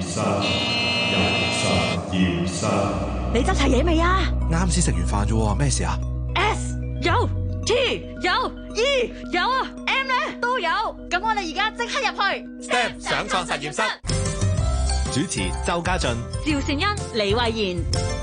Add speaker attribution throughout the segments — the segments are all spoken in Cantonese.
Speaker 1: 實驗室，實
Speaker 2: 驗室，實驗室。你執齊嘢未啊？
Speaker 1: 啱先食完飯啫，咩事啊
Speaker 2: ？S 有，T 有，E 有啊，M 呢都有。咁我哋而家即刻入去。Step
Speaker 1: 上創實驗室。主持：周家俊、
Speaker 2: 趙善恩、李慧嫻。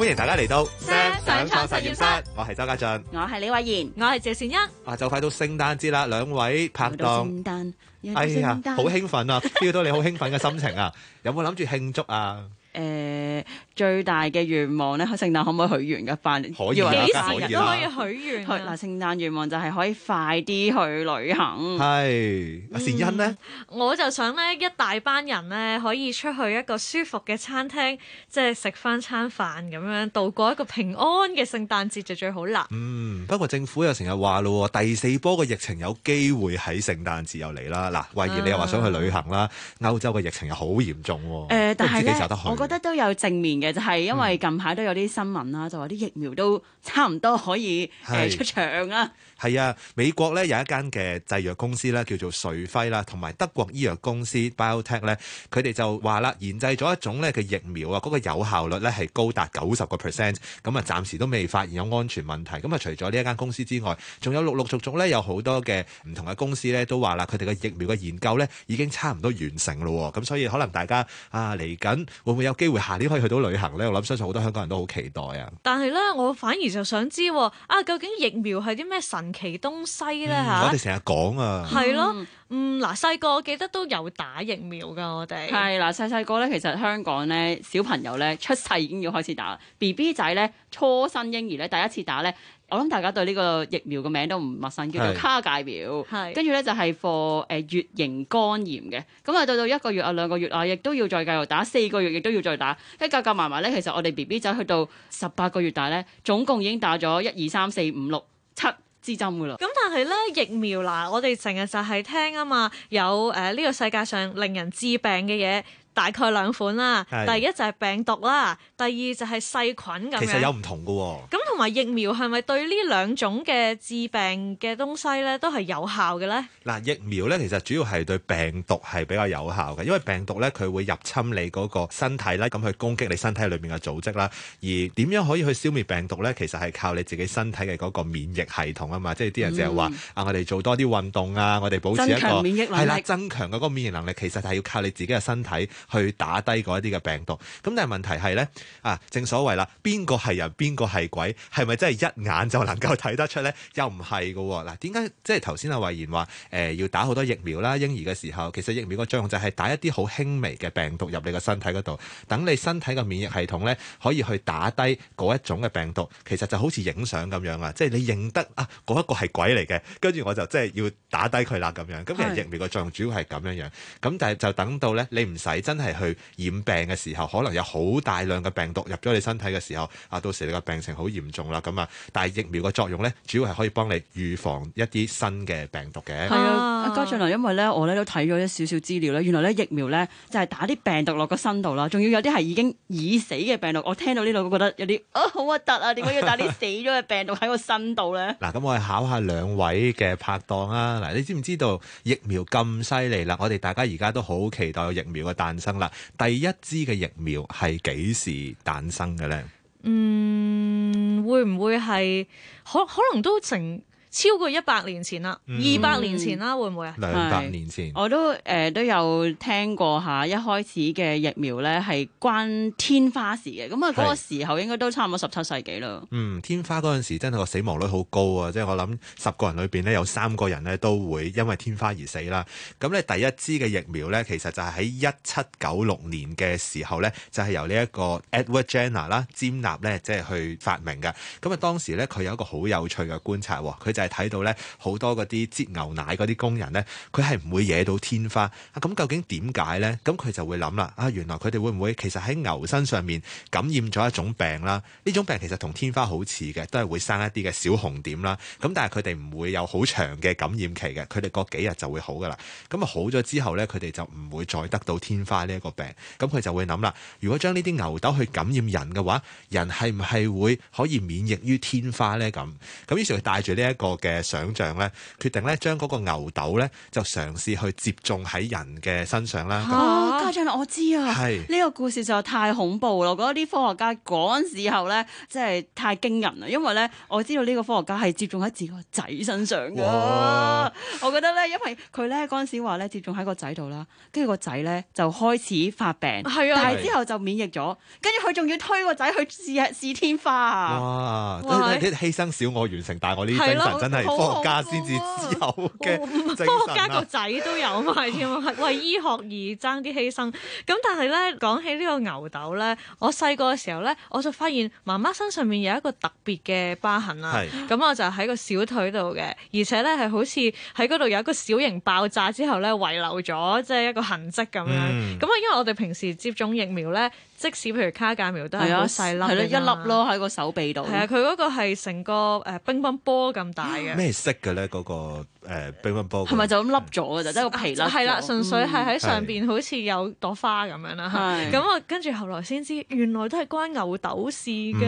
Speaker 1: 歡迎大家嚟到雙創實驗室，我係周家俊，
Speaker 2: 我係李慧賢，我係謝善欣。
Speaker 1: 啊，就快到聖誕節啦！兩位拍檔，
Speaker 2: 哎呀，好興奮
Speaker 1: 啊！feel 到你好興奮嘅心情啊，有冇諗住慶祝啊？
Speaker 2: 誒、欸、最大嘅願望咧，聖誕可唔可以許願嘅？辦幾時都可以許願。嗱， 聖誕願望就係可以快啲去旅行。係。
Speaker 1: 阿善
Speaker 2: 欣呢、嗯，我就想咧，一大班人咧可以出去一個舒服
Speaker 3: 嘅餐廳，即係食返餐飯咁樣，度過一個平安嘅聖誕節就最
Speaker 2: 好啦。嗯，
Speaker 1: 不過政府又成日話咯，第四波嘅疫情有機會喺聖誕節又嚟啦。嗱、嗯，慧賢你又話想去旅行啦，嗯、歐洲嘅疫情又好嚴重。誒、呃，但係咧。
Speaker 2: 覺得都有正面嘅，就係、是、因為近排都有啲新聞啦，嗯、就話啲疫苗都差唔多可以是、呃、出場啦。
Speaker 1: 係啊，美國咧有一間嘅製藥公司咧叫做瑞輝啦，同埋德國醫藥公司 BioNTech 咧，佢哋就話啦，研製咗一種咧嘅疫苗啊，嗰個有效率咧係高達九十個 percent，咁啊暫時都未發現有安全問題。咁啊除咗呢一間公司之外，仲有陸陸續續咧有好多嘅唔同嘅公司咧都話啦，佢哋嘅疫苗嘅研究咧已經差唔多完成咯喎。咁所以可能大家啊嚟緊會唔會有？有機會下年可以去到旅行咧，我諗相信好多香港人都好期待啊！
Speaker 3: 但係咧，我反而就想知啊，究竟疫苗係啲咩神奇東西咧嚇？我哋
Speaker 2: 成日講啊，係
Speaker 3: 咯、嗯，啊啊、嗯嗱，細個、嗯、我記得都有打疫苗㗎，我哋係
Speaker 2: 嗱，細細個咧，其實香港咧，小朋友咧出世已經要開始打，BB 仔咧初生嬰兒咧第一次打咧。我諗大家對呢個疫苗個名都唔陌生，叫做卡介苗。係跟住咧就係、是、for 誒、呃、乙型肝炎嘅咁啊。到到一個月啊，兩個月啊，亦都要再繼續打四個月，亦都要再打。一夾夾埋埋咧，其實我哋 B B 仔去到十八個月大咧，總共已經打咗一二三四五六七支針噶、嗯、啦。
Speaker 3: 咁但係咧疫苗嗱，我哋成日就係聽啊嘛，有誒呢、呃呢個世界上令人致病嘅嘢。大概兩款啦、啊，的第一就係病毒啦、啊，第二就係細菌，咁其實有唔
Speaker 1: 同嘅喎、哦。
Speaker 3: 咁同埋疫苗係咪對呢兩種嘅致病嘅東西咧都係有效嘅咧？
Speaker 1: 嗱，疫苗咧其實主要係對病毒係比較有效嘅，因為病毒咧佢會入侵你嗰個身體啦，咁去攻擊你身體裏面嘅組織啦。而點樣可以去消滅病毒咧？其實係靠你自己身體嘅嗰個免疫系統啊嘛。即係啲人就係話啊，我哋做多啲運動啊，我哋保持一個係啦，增強嗰個免疫能力，其實係要靠你自己嘅身體。去打低嗰一啲嘅病毒，咁但係問題係咧啊，正所謂啦，邊個係人邊個係鬼，係咪真係一眼就能夠睇得出咧？又唔係噶。嗱，點解即係頭先阿慧賢話誒要打好多疫苗啦？嬰兒嘅時候其實疫苗個作用就係打一啲好輕微嘅病毒入你個身體嗰度，等你身體嘅免疫系統咧可以去打低嗰一種嘅病毒。其實就好似影相咁樣啊，即係你認得啊嗰一個係鬼嚟嘅，跟住我就即係要打低佢啦咁樣，咁其實疫苗個作用主要係咁樣樣，咁但係就等到咧你唔使。真係去染病嘅時候，可能有好大量嘅病毒入咗你身體嘅時候，啊，到時你個病情好嚴重啦。咁啊，但係疫苗嘅作用呢，主要係可以幫你預防一啲新嘅病毒嘅。係啊，阿
Speaker 2: 俊良，因為呢，我呢都睇咗一少少資料呢，原來呢，疫苗呢，就係、是、打啲病毒落個身度啦，仲要有啲係已經已死嘅病毒。我聽到呢度，我覺得有啲啊好核突啊，點解、啊、要打啲死咗嘅病毒喺個身度呢？
Speaker 1: 嗱，咁我哋考下兩位嘅拍檔啊，嗱、啊，你知唔知道疫苗咁犀利啦？我哋大家而家都好期待有疫苗嘅誕生啦，第一支嘅疫苗係幾時誕生嘅呢？嗯，
Speaker 3: 會唔會係可可能都成超過一百年前啦，二百年前
Speaker 2: 啦，嗯、會唔會啊？兩百年前我都誒、呃、都有聽過一下一開始嘅疫苗咧係關天花事嘅，咁啊嗰個時候應該都差唔多十七世紀咯。嗯，
Speaker 1: 天花嗰陣時真係個死亡率好高啊！即係我諗十個人裏邊咧有三個人咧都會因為天花而死啦。咁、嗯、咧第一支嘅疫苗咧其實就係喺一七九六年嘅時候咧就係、是、由呢一個 Edward Jenner 啦，詹納咧即係去發明嘅。咁、嗯、啊當時咧佢有一個好有趣嘅觀察、哦，佢就係睇到咧好多嗰啲擠牛奶嗰啲工人咧，佢係唔會惹到天花啊！咁究竟點解呢？咁佢就會諗啦啊！原來佢哋會唔會其實喺牛身上面感染咗一種病啦？呢種病其實同天花好似嘅，都係會生一啲嘅小紅點啦。咁但係佢哋唔會有好長嘅感染期嘅，佢哋過幾日就會好噶啦。咁啊好咗之後呢，佢哋就唔會再得到天花呢一個病。咁佢就會諗啦，如果將呢啲牛痘去感染人嘅話，人係唔係會可以免疫於天花呢？咁咁於是佢帶住呢一個。嘅想象咧，決定咧將嗰個牛痘咧就嘗試去接種喺人嘅身上啦。哦、啊啊，家
Speaker 2: 長，我知啊，係呢是個故事實在太恐怖啦！我覺得啲科學家嗰陣時候咧，真係太驚人啦。因為咧，我知道呢個科學家係接種喺自己個仔身上嘅。哇我覺得咧，因為佢咧嗰陣時話咧接種喺個仔度啦，跟住個仔咧就開始發病，係啊，但係之後就免疫咗，跟住佢仲要推個仔去試試天花啊！哇！啲喂犧牲
Speaker 1: 小我，完成大我呢精真係科學家先至有嘅、啊，啊啊、科學家個仔
Speaker 3: 都有埋添啊！ 為醫學而爭啲犧牲，咁但係咧講起呢個牛痘咧，我細個嘅時候咧，我就發現媽媽身上面有一個特別嘅疤痕啦。咁是我就喺個小腿度嘅，而且咧係好似喺嗰度有一個小型爆炸之後咧遺留咗，即、就、係、是、一個痕跡咁樣。咁啊、嗯，因為我哋平時接種疫苗咧，即使譬如卡介苗都係好細粒，係、嗯嗯嗯、咯一粒咯喺個手臂度。係啊，佢嗰個係成個誒乒乓波咁大。咩
Speaker 1: 色嘅咧？嗰、那個乒乓波，係、呃、咪
Speaker 2: 就咁凹咗嘅？就得個皮啦了，係啦、啊，純粹係喺上邊、
Speaker 3: 嗯、好似有朵花咁樣啦。咁啊，是我跟住後來先知，原來都係關牛痘事㗎。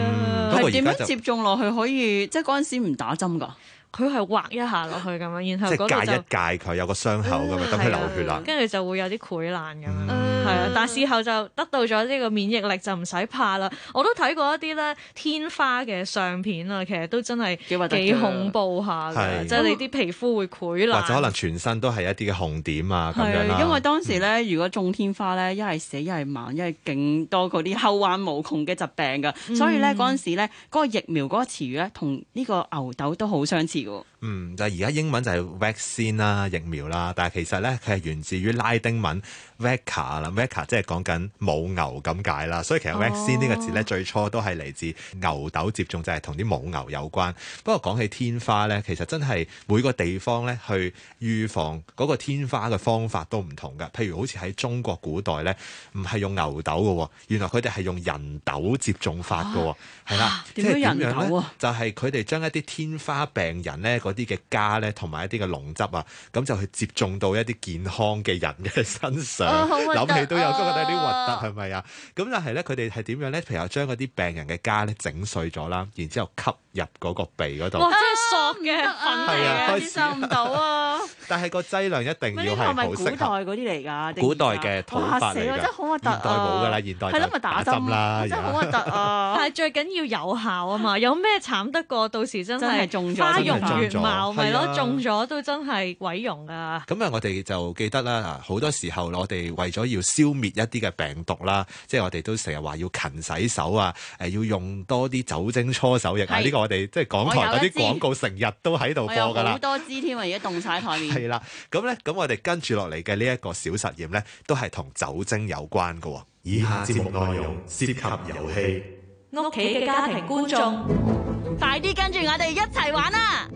Speaker 3: 係點、嗯、樣接種落去可以？即係嗰陣時唔打針㗎。佢係畫一下落去咁樣，然後即係戒一
Speaker 1: 戒佢，有個傷口咁樣，等佢流血啦，跟
Speaker 3: 住就會有啲潰爛咁樣。嗯嗯係啊，嗯、但事後就得到咗呢個免疫力就唔使怕啦。我都睇過一啲咧天花嘅相片啊，其實都真係
Speaker 2: 幾恐怖下嘅，嗯、是即係你啲皮膚會潰爛、嗯，或者可
Speaker 1: 能全身都係一啲嘅紅點啊咁是樣，因為
Speaker 2: 當時咧，嗯、如果中天花咧，一係死，一係盲，一係勁多過啲後患無窮嘅疾病嘅，嗯、所以咧嗰陣時咧嗰、嗰個疫苗嗰個詞語咧，同呢個牛痘都好相似嘅。
Speaker 1: 嗯，就而家英文就係 vaccine 啦，疫苗啦。但係其實咧，佢係源自於拉丁文 vacca 啦，vacca 即係講緊母牛咁解啦。所以其實 vaccine 呢個字咧，哦、最初都係嚟自牛痘接種就係同啲母牛有關，不過講起天花咧，其實真係每個地方咧去預防嗰個天花嘅方法都唔同㗎。譬如好似喺中國古代咧，唔係用牛痘嘅、哦，原來佢哋係用人痘接種法㗎，係啦。點樣人痘、啊、就係佢哋將一啲天花病人咧啲嘅家咧，同埋一啲嘅膿汁啊，咁就去接種到一啲健康嘅人嘅身上，諗、啊、起都有，覺得有啲核突，係咪啊？咁但係咧，佢哋係點樣咧？譬如話將嗰啲病人嘅家咧整碎咗啦，然之後吸入嗰個鼻嗰度，哇，即
Speaker 2: 係索嘅，係啊，接受唔到啊！
Speaker 1: 但係個劑量一定要係咪古代嗰
Speaker 2: 啲嚟㗎，古代
Speaker 1: 嘅土死，法好核突，代冇㗎啦，現代係咯，咪
Speaker 3: 打針啦，真係好核突啊！但係最緊要有效啊嘛，有咩慘得過到時真係中花容月貌，咪咯，中咗都真係毀容啊！
Speaker 1: 咁啊，我哋就記得啦，好多時候我哋為咗要消滅一啲嘅病毒啦，即係我哋都成日話要勤洗手啊，誒要用多啲酒精搓手液啊，呢個我哋即係港台嗰啲廣告成日都喺度播㗎啦。好多支添啊，而
Speaker 2: 家凍晒台面。
Speaker 1: 啦，咁咧、嗯，咁我哋跟住落嚟嘅呢一個小實驗咧，都係同酒精有關嘅、哦。以下節目內容用涉及遊戲，屋企嘅家庭觀
Speaker 3: 眾，觀眾上快啲跟住我哋
Speaker 2: 一齊玩啦！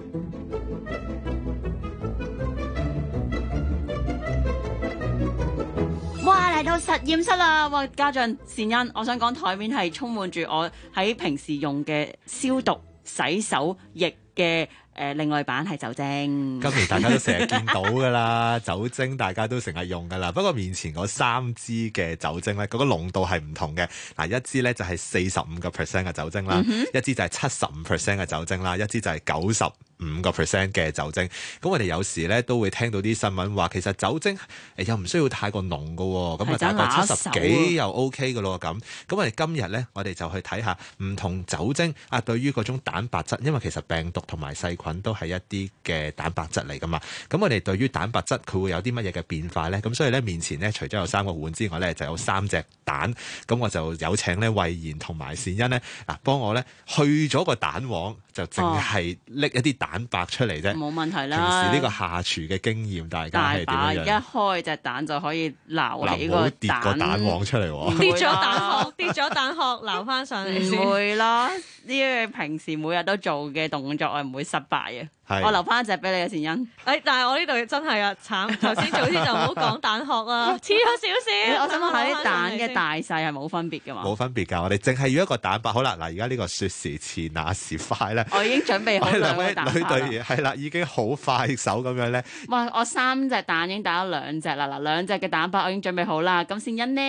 Speaker 2: 哇，嚟到實驗室啦！哇，家俊、善恩，我想講台面係充滿住我喺平時用嘅消毒洗手液。嘅誒、呃、另外版係酒精，今年大家都成日見
Speaker 1: 到㗎啦， 酒精大家都成日用㗎啦。不過面前嗰三支嘅酒精咧，嗰個濃度係唔同嘅。嗱，一支咧就係四十五個 percent 嘅酒精啦，一支就係七十五 percent 嘅酒精啦，一支就係九十五個 percent 嘅酒精。咁我哋有時咧都會聽到啲新聞話，其實酒精誒又唔需要太過濃嘅喎、哦，咁啊大概七十幾又 OK 嘅咯咁。咁我哋今日咧，我哋就去睇下唔同酒精啊，對於嗰種蛋白質，因為其實病毒，同埋細菌都係一啲嘅蛋白質嚟噶嘛？咁我哋對於蛋白質佢會有啲乜嘢嘅變化呢？咁所以呢，面前呢，除咗有三個碗之外呢，就有三隻蛋。咁我就有請呢魏然同埋善恩呢，嗱幫我呢去咗個蛋黃，就淨係拎一啲蛋白出嚟啫。冇、哦、問題啦。平時呢個下廚嘅經驗，大家係一
Speaker 2: 開一隻蛋就可以撈起個蛋，啊、跌蛋
Speaker 1: 黃出嚟喎。跌
Speaker 2: 咗 蛋殼，
Speaker 3: 跌咗蛋殼撈翻上嚟。唔會
Speaker 2: 咯，呢個平時每日都做嘅動作。唔會失敗嘅？是我留翻一隻俾你嘅善欣。誒、
Speaker 3: 哎，但係我呢度真係 啊，慘！頭先早先就唔好講
Speaker 2: 蛋殼啊，似咗少少。我想問下，睇蛋嘅大細係冇分別嘅嘛？冇
Speaker 1: 分別噶，我哋淨係要一個蛋白。好啦，嗱，而家呢個說時遲那時快咧，我已
Speaker 2: 經準備好啦。兩位女隊員係啦，
Speaker 1: 已經好快手咁樣咧。
Speaker 2: 哇！我三隻蛋已經打咗兩隻啦，嗱，兩隻嘅蛋白我已經準備好啦。咁善欣呢？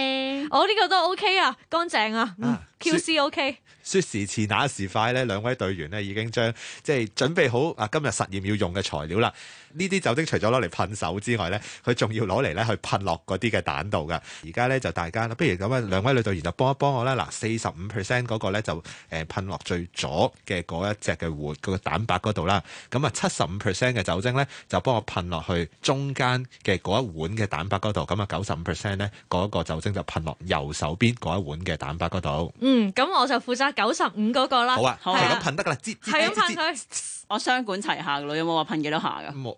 Speaker 2: 我呢、哦這個都 OK 啊，乾淨啊。嗯說 QC OK，
Speaker 1: 說時遲那時快咧，兩位隊員咧已經將即係準備好啊，今日實驗要用嘅材料啦。呢啲酒精除咗攞嚟噴手之外咧，佢仲要攞嚟咧去噴落嗰啲嘅蛋度噶。而家咧就大家，不如咁啊，兩位女導員就幫一幫我啦。嗱，四十五 percent 嗰個咧就誒噴落最左嘅嗰一隻嘅碗嗰個蛋白嗰度啦。咁啊，七十五 percent 嘅酒精咧就幫我噴落去中間嘅嗰一碗嘅蛋白嗰度。咁啊，九十五 percent 咧嗰個酒精就噴落右手邊嗰一碗嘅蛋白嗰度。
Speaker 2: 嗯，咁我就負責九十五嗰個啦。好
Speaker 1: 啊，係
Speaker 3: 咁噴得
Speaker 2: 噶啦，係咁、啊、噴佢，噴我雙管齊下噶啦。有冇話噴幾多下噶？嗯嗯嗯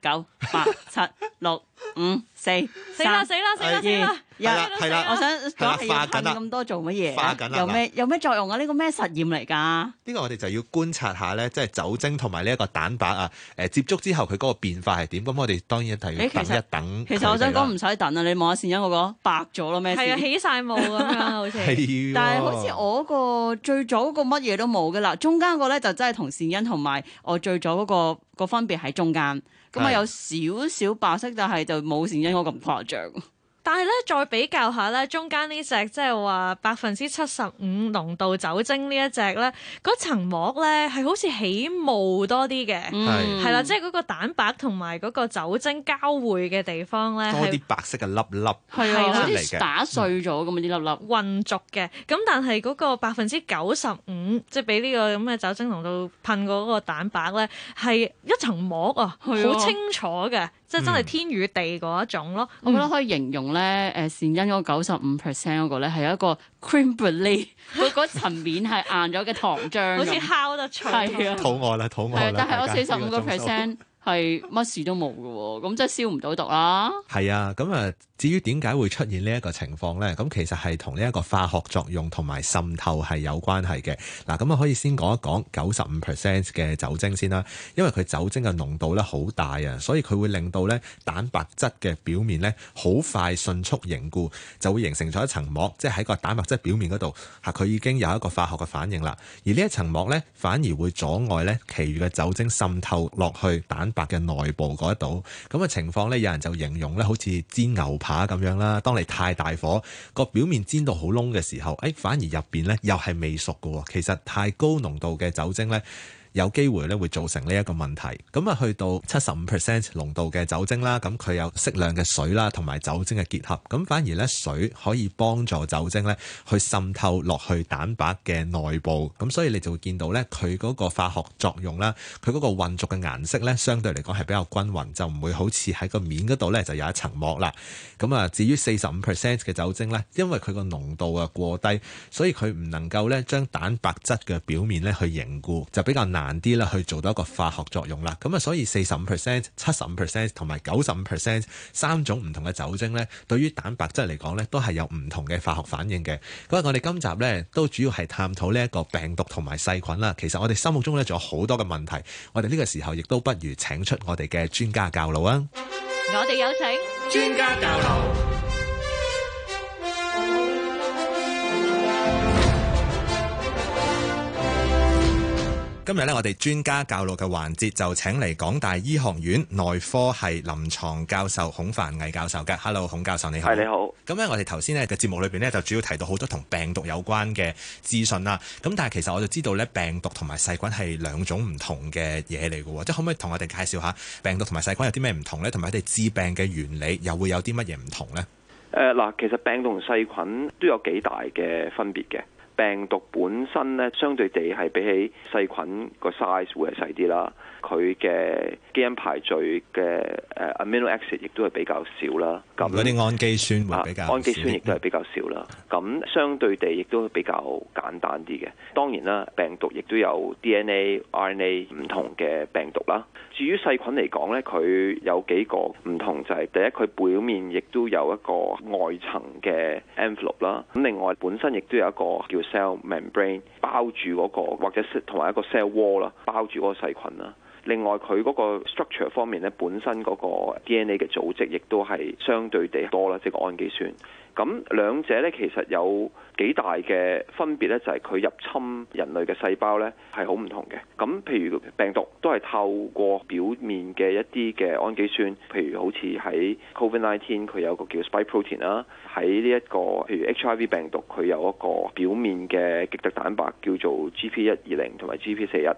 Speaker 2: 九八七六五四死三二一，係啦係啦。我想講而家咁多做乜嘢，化緊？有咩有咩作用啊？呢個咩實驗嚟噶？呢
Speaker 1: 個我哋就要觀察下咧，即係酒精同埋呢一個蛋白啊。誒，接觸之後佢嗰個變化係點？咁我哋當然要睇一等。其實我想講
Speaker 2: 唔使等啊，你望下善欣嗰個白咗咯咩？係啊，起晒霧啊，好似。但係好似我個最早個乜嘢都冇噶啦，中間個咧就真係同善欣同埋我最早嗰個個分別喺中間。咁啊，有少少白色，但係就冇前一科咁誇張。
Speaker 3: 但係咧，再比較下咧，中間呢隻即係話百分之七十五濃度酒精呢一隻咧，嗰層膜咧係好似起霧多啲嘅，係啦、嗯，即係嗰個蛋白同埋嗰個酒精交匯嘅地方咧，多啲
Speaker 1: 白色嘅粒粒係
Speaker 3: 啊，好似打碎咗咁嘅啲粒粒、嗯、混濁嘅。咁但係嗰個百分之九十五即係俾呢個咁嘅酒精濃度噴過嗰個蛋白咧，係一層膜啊，好清楚嘅。即係真係天與地嗰一種咯，嗯、我覺得可
Speaker 2: 以形容咧，誒善恩嗰九十五 percent 嗰個咧係一個 crème brûlée，佢嗰層面係硬咗嘅糖漿， 好似烤得脆。係啊 肚，肚
Speaker 1: 餓啦，肚餓啦。但係我四十五個 percent。
Speaker 2: 係乜事都冇㗎喎，咁即係消唔到毒啦。
Speaker 1: 係啊，咁啊，至於點解會出現呢一個情況呢？咁其實係同呢一個化學作用同埋滲透係有關係嘅。嗱，咁啊可以先講一講九十五 percent 嘅酒精先啦，因為佢酒精嘅濃度咧好大啊，所以佢會令到咧蛋白質嘅表面咧好快迅速凝固，就會形成咗一層膜，即係喺個蛋白質表面嗰度吓，佢已經有一個化學嘅反應啦。而呢一層膜咧反而會阻礙咧其餘嘅酒精滲透落去蛋白嘅內部嗰一度咁嘅情況咧，有人就形容咧，好似煎牛扒咁樣啦。當你太大火，個表面煎到好燶嘅時候，誒反而入邊咧又係未熟㗎。其實太高濃度嘅酒精咧，有機會咧會造成呢一個問題，咁啊去到七十五 percent 濃度嘅酒精啦，咁佢有適量嘅水啦，同埋酒精嘅結合，咁反而呢，水可以幫助酒精呢去滲透落去蛋白嘅內部，咁所以你就會見到呢，佢嗰個化學作用啦，佢嗰個混濁嘅顏色呢，相對嚟講係比較均勻，就唔會好似喺個面嗰度呢就有一層膜啦。咁啊至於四十五 percent 嘅酒精呢，因為佢個濃度啊過低，所以佢唔能夠呢將蛋白質嘅表面呢去凝固，就比較難。難啲啦，去做到一個化學作用啦。咁啊，所以四十五 percent、七十五 percent 同埋九十五 percent 三種唔同嘅酒精呢，對於蛋白質嚟講呢都係有唔同嘅化學反應嘅。咁啊，我哋今集呢都主要係探討呢一個病毒同埋細菌啦。其實我哋心目中呢，仲有好多嘅問題，我哋呢個時候亦都不如請出我哋嘅專家教路啊！我
Speaker 3: 哋有請專家教路。
Speaker 1: 今日咧，我哋專家教育嘅環節就請嚟港大醫學院內科係臨床教授孔凡毅教授嘅。Hello，孔教授你好。係你好。咁咧、嗯，我哋頭先呢嘅節目裏邊咧，就主要提到好多同病毒有關嘅資訊啦。咁但係其實我就知道咧，病毒同埋細菌係兩種唔同嘅嘢嚟嘅，即係可唔可以同我哋介紹下病毒同埋細菌有啲咩唔同咧？同埋佢哋治病嘅原理又會有啲乜嘢唔同咧？
Speaker 4: 誒，嗱，其實病毒同細菌都有幾大嘅分別嘅。病毒本身咧，相對地係比起細菌個 size 會係細啲啦。佢嘅基因排序嘅誒、uh, amino acid 亦都係比較少啦。咁嗰啲
Speaker 1: 氨基酸會比較、啊、氨基
Speaker 4: 酸亦都係比較少啦。咁 相對地亦都比較簡單啲嘅。當然啦，病毒亦都有 DNA、RNA 唔同嘅病毒啦。至於細菌嚟講咧，佢有幾個唔同，就係、是、第一佢表面亦都有一個外層嘅 envelope 啦。咁另外本身亦都有一個叫 cell membrane 包住嗰個，或者同埋一個 cell wall 啦，包住嗰個細菌啦。另外佢嗰個 structure 方面咧，本身嗰個 DNA 嘅組織亦都係相對地多啦，即係個氨基酸。咁兩者咧其實有幾大嘅分別咧，就係佢入侵人類嘅細胞咧係好唔同嘅。咁譬如病毒都係透過表面嘅一啲嘅氨基酸，譬如好似喺 Covid-19 佢有個叫 spike protein 啦，喺呢一個譬如 HIV 病毒佢有一個表面嘅極特蛋白叫做 GP 一二零同埋 GP 四一。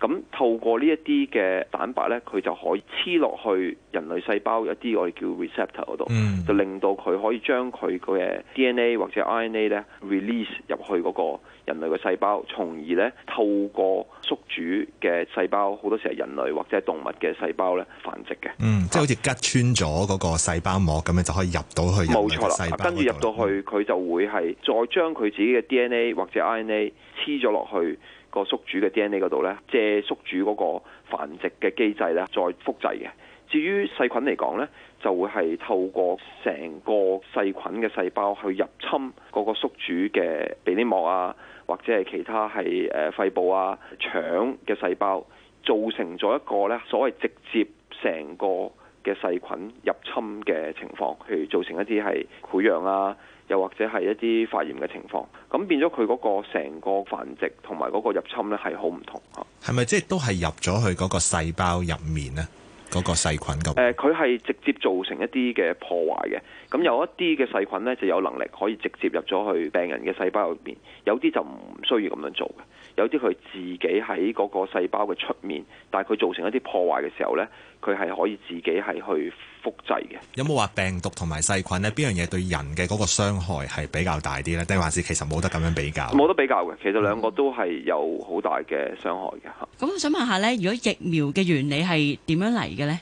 Speaker 4: 咁透過呢一啲嘅蛋白咧，佢就可以黐落去人類細胞有一啲我哋叫 receptor 度，嗯，就令到佢可以將佢嘅 DNA 或者 RNA 咧 release 入去嗰個人類嘅細胞，從而咧透過宿主嘅細胞，好多時係人類或者係動物嘅細胞咧
Speaker 1: 繁殖嘅。嗯，即係好似吉穿咗嗰個細胞膜咁、啊、樣就可以入到去人類細胞。冇錯啦，跟住
Speaker 4: 入到去佢、嗯、就會係再將佢自己嘅 DNA 或者 RNA 黐咗落去。個宿主嘅 DNA 嗰度呢，借宿主嗰個繁殖嘅機制呢，再複製嘅。至於細菌嚟講呢，就會係透過成個細菌嘅細胞去入侵嗰個宿主嘅鼻黏膜啊，或者係其他係誒肺部啊、腸嘅細胞，造成咗一個呢所謂直接成個嘅細菌入侵嘅情況，譬如造成一啲係潰瘍啊，又或者係一啲發炎嘅情況，咁變咗佢嗰個成個繁殖同埋嗰個入侵呢係好唔同啊！
Speaker 1: 係咪即係都係入咗去嗰個細胞入面呢？嗰個細菌咁？
Speaker 4: 誒、呃，佢係直接造成一啲嘅破壞嘅。咁有一啲嘅細菌呢，就有能力可以直接入咗去病人嘅細胞入邊，有啲就唔需要咁樣做嘅。有啲佢自己喺嗰個細胞嘅出面，但係佢造成一啲破壞嘅時候咧，佢係可以自己係去複製嘅。
Speaker 1: 有冇話病毒同埋細菌咧？邊樣嘢對人嘅嗰個傷害係比較大啲咧？定還是其實冇得咁樣比較？冇得比較
Speaker 4: 嘅，其實兩個都係有好大嘅傷害嘅。咁、嗯、
Speaker 2: 我想問下咧，如果疫苗嘅原理係點樣嚟嘅咧？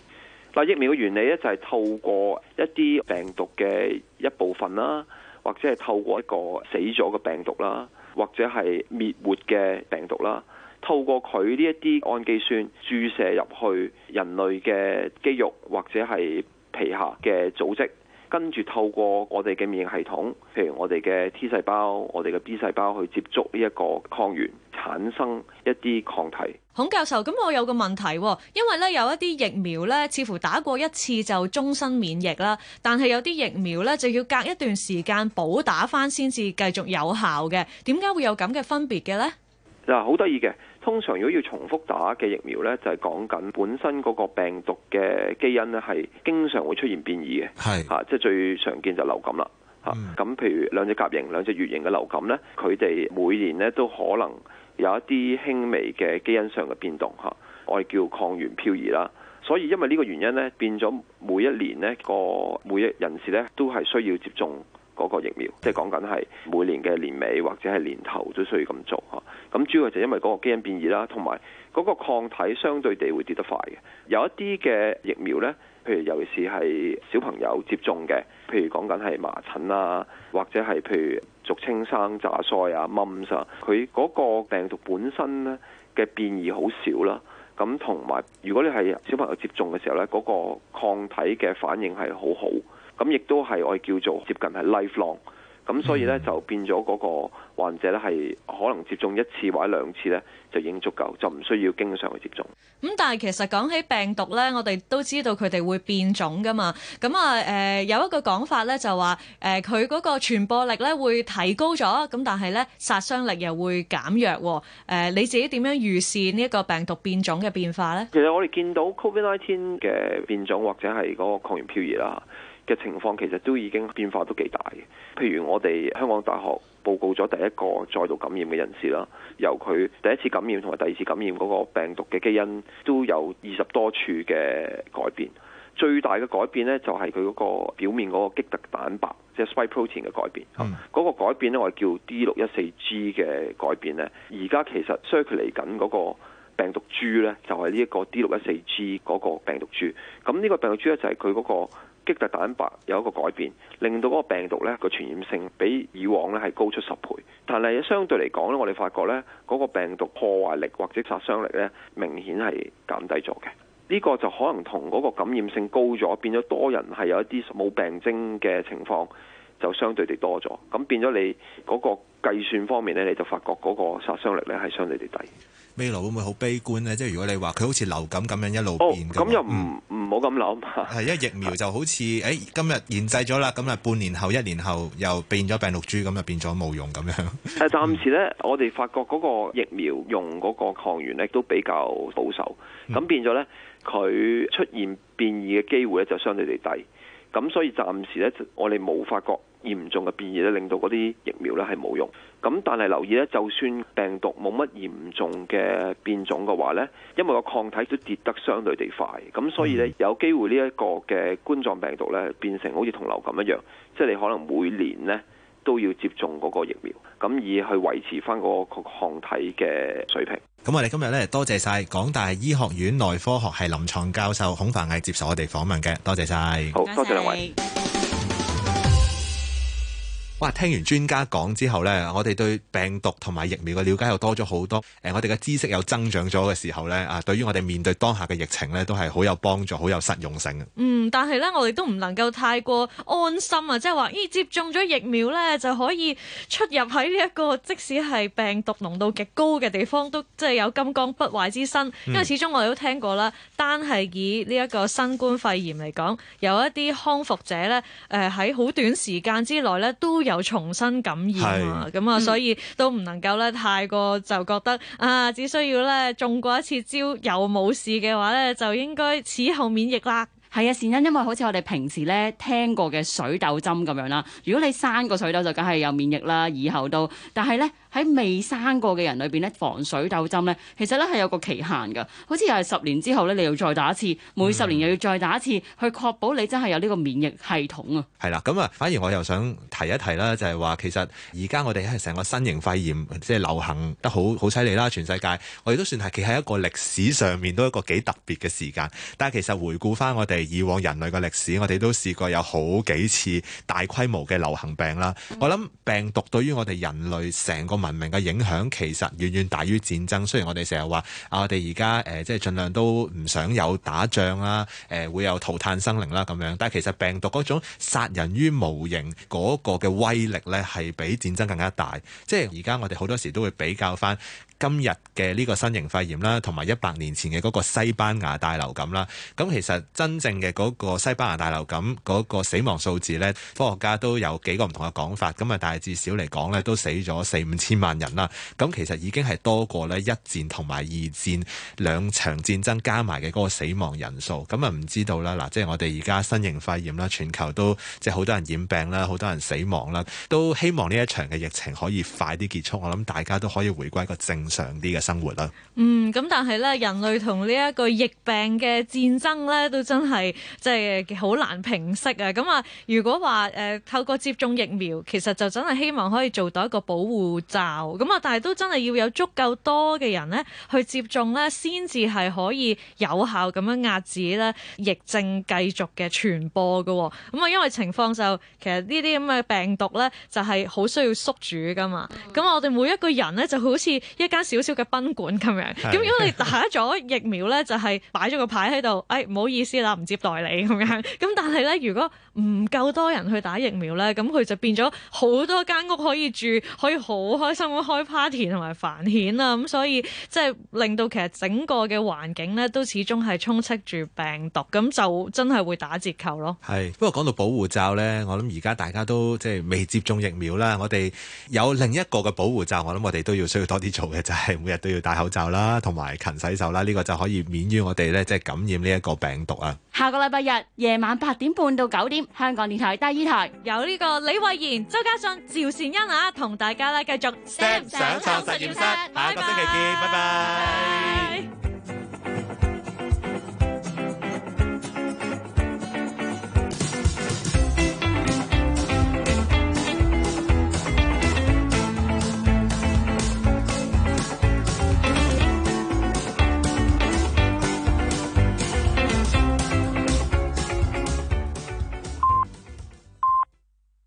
Speaker 4: 嗱，疫苗嘅原理咧就係透過一啲病毒嘅一部分啦，或者係透過一個死咗嘅病毒啦。或者係滅活嘅病毒啦，透過佢呢一啲氨基酸注射入去人類嘅肌肉，或者係皮下嘅組織。跟住透過我哋嘅免疫系統，譬如我哋嘅 T 細胞、我哋嘅 B 細胞去接觸呢一個抗原，產生一啲抗體。
Speaker 3: 孔教授，咁我有個問題。哦，因為咧有一啲疫苗咧，似乎打過一次就終身免疫啦，但係有啲疫苗咧就要隔一段時間補打返先至繼續有效嘅，點解會有咁嘅分別嘅咧？
Speaker 4: 嗱、啊，好得意嘅。通常如果要重複打嘅疫苗呢，就係講緊本身嗰個病毒嘅基因呢，係經常會出現變異嘅，係嚇是、啊，即係最常見就流感啦嚇。咁、啊嗯、譬如兩隻甲型、兩隻乙型嘅流感呢，佢哋每年呢都可能有一啲輕微嘅基因上嘅變動嚇、啊，我哋叫抗原漂移啦。所以因為呢個原因呢，變咗每一年呢個每一人士呢，都係需要接種。嗰個疫苗，即係講緊係每年嘅年尾或者係年頭都需要咁做吓。咁主要就因為嗰個基因變異啦，同埋嗰個抗體相對地會跌得快嘅。有一啲嘅疫苗呢，譬如尤其是係小朋友接種嘅，譬如講緊係麻疹啊，或者係譬如俗稱生痄腮啊、蚊疹，佢嗰個病毒本身呢嘅變異好少啦。咁同埋，如果你係小朋友接種嘅時候，呢嗰個抗體嘅反應係好好，咁亦都係我哋叫做接近係 life long。咁、嗯、所以咧就變咗嗰個患者咧係可能接種一次或者兩次咧就已經足夠，就唔需要經常去接種。咁、
Speaker 3: 嗯、但係其實講起病毒咧，我哋都知道佢哋會變種㗎嘛。咁啊誒有一個講法咧就話誒佢嗰個傳播力咧會提高咗，咁但係咧殺傷力又會減弱，哦。誒、呃、你自己點樣預視呢一個病毒變種嘅變化咧？
Speaker 4: 其實我哋見到 Covid nineteen 嘅變種或者係嗰個抗原漂移啦。嘅情況其實都已經變化都幾大嘅，譬如我哋香港大學報告咗第一個再度感染嘅人士啦，由佢第一次感染同埋第二次感染嗰個病毒嘅基因都有二十多處嘅改變，最大嘅改變呢，就係佢嗰個表面嗰個棘突蛋白，即係 spike protein 嘅改變。嗰 mm. 個改變呢，我哋叫 D 六一四 G 嘅改變呢，而家其實 circulate 緊嗰個病毒株呢，就係呢一個 D 六一四 G 嗰個病毒株。咁呢個病毒株呢，就係佢嗰個。激突蛋白有一個改變，令到嗰個病毒呢個傳染性比以往呢係高出十倍，但係相對嚟講呢，我哋發覺呢，嗰個病毒破壞力或者殺傷力呢明顯係減低咗嘅。呢個就可能同嗰個感染性高咗，變咗多人係有一啲冇病徵嘅情況。就相對地多咗，咁變咗你嗰個計算方面咧，你就發覺嗰個殺傷力咧係相對地
Speaker 1: 低。未來會唔會好悲觀咧？即係如果你話佢好似流感咁樣一路變咁，哦，咁又唔唔好咁諗。係、嗯，因為疫苗就好似誒、哎、今日研製咗啦，咁啊 半年後、一年後又變咗病毒株，咁就變咗冇用咁樣。
Speaker 4: 誒，暫時咧，我哋發覺嗰個疫苗用嗰個抗原咧都比較保守，咁、嗯、變咗咧佢出現變異嘅機會咧就相對地低。咁所以暫時咧，我哋冇發覺嚴重嘅變異咧，令到嗰啲疫苗咧係冇用。咁但係留意咧，就算病毒冇乜嚴重嘅變種嘅話咧，因為個抗體都跌得相對地快，咁所以咧有機會呢一個嘅冠狀病毒咧變成好似同流感一樣，即係你可能每年咧，都要接種嗰個疫苗，咁以去維持翻個抗體嘅
Speaker 1: 水平。咁我哋今日咧多謝晒港大醫學院內科學系臨牀教授孔繁毅接受我哋訪問嘅，多謝晒，好多謝，謝兩位。哇！聽完專家講之後呢，我哋對病毒同埋疫苗嘅了解又多咗好多。誒、呃，我哋嘅知識又增長咗嘅時候呢，啊，對於我哋面對當下嘅疫情呢，都係好有幫助、好有實用性嘅。
Speaker 3: 嗯，但係呢，我哋都唔能夠太過安心啊！即係話，咦，接種咗疫苗呢，就可以出入喺呢一個即使係病毒濃度極高嘅地方，都即係有金剛不壞之身。嗯、因為始終我哋都聽過啦，單係以呢一個新冠肺炎嚟講，有一啲康復者呢，誒喺好短時間之內呢。都。有重新感染啊，咁是啊，所以都唔能夠咧，太過就覺得啊，只需要咧中過一次招又冇事嘅話咧，就應該此後免疫
Speaker 2: 啦。係啊，善欣，因為好似我哋平時咧聽過嘅水痘針咁樣啦，如果你生過水痘就梗係有免疫啦，以後都，但係咧。喺未生過嘅人裏邊咧，防水痘針咧，其實咧係有個期限噶，好似又係十年之後咧，你又再打一次；每十年又要再打一次，去確保你真係有呢個免疫系統啊。
Speaker 1: 係啦、嗯，咁啊，反而我又想提一提啦，就係、是、話其實而家我哋係成個新型肺炎，即、就、係、是、流行得好好犀利啦，全世界我哋都算係企喺一個歷史上面都一個幾特別嘅時間，但係其實回顧翻，我哋以往人類嘅歷史，我哋都試過有好幾次大規模嘅流行病啦。嗯、我諗病毒對於我哋人類成個。文明嘅影響其實遠遠大於戰爭。雖然我哋成日話啊，我哋而家誒，即係盡量都唔想有打仗啦，誒、呃、會有塗炭生靈啦咁樣。但係其實病毒嗰種殺人於無形嗰個嘅威力呢，係比戰爭更加大。即係而家我哋好多時都會比較翻。今日嘅呢個新型肺炎啦，同埋一百年前嘅嗰個西班牙大流感啦，咁其實真正嘅嗰個西班牙大流感嗰個死亡數字呢，科學家都有幾個唔同嘅講法，咁啊，大致少嚟講呢，都死咗四五千萬人啦。咁其實已經係多過呢一戰同埋二戰兩場戰爭加埋嘅嗰個死亡人數。咁啊，唔知道啦，嗱，即係我哋而家新型肺炎啦，全球都即係好多人染病啦，好多人死亡啦，都希望呢一場嘅疫情可以快啲結束。我諗大家都可以回歸一個正正常啲嘅生活啦。
Speaker 3: 嗯，咁但係咧，人類同呢一個疫病嘅戰爭咧，都真係即係好難平息啊！咁啊，如果話誒、呃、透過接種疫苗，其實就真係希望可以做到一個保護罩。咁、嗯、啊，但係都真係要有足夠多嘅人咧去接種咧，先至係可以有效咁樣壓止咧疫症繼續嘅傳播噶、哦。咁、嗯、啊，因為情況就其實呢啲咁嘅病毒咧，就係、是、好需要宿主噶嘛。咁、嗯嗯、我哋每一個人咧，就好似一。間少少嘅賓館咁樣，咁、 嗯、如果你打咗疫苗咧，就係擺咗個牌喺度，誒，唔好意思啦，唔接待你咁樣。咁但係咧，如果唔夠多人去打疫苗咧，咁佢就變咗好多間屋可以住，可以好開心咁開 party 同埋繁衍啊。咁、嗯、所以即係令到其實整個嘅環境咧，都始終係充斥住病毒，咁就真係會打折扣咯。
Speaker 1: 係，不過講到保護罩咧，我諗而家大家都即係未接種疫苗啦，我哋有另一個嘅保護罩，我諗我哋都要需要多啲做嘅。就係每日都要戴口罩啦，同埋勤洗手啦，呢個就可以免於我哋咧即係感染呢一個病毒啊！
Speaker 2: 下個禮拜日夜晚八點半到九點，香港電台第二台有呢個李慧賢、周
Speaker 3: 家俊、趙善恩啊，同大家咧繼續上實驗室吓，
Speaker 1: 下個星期見，拜
Speaker 3: 拜。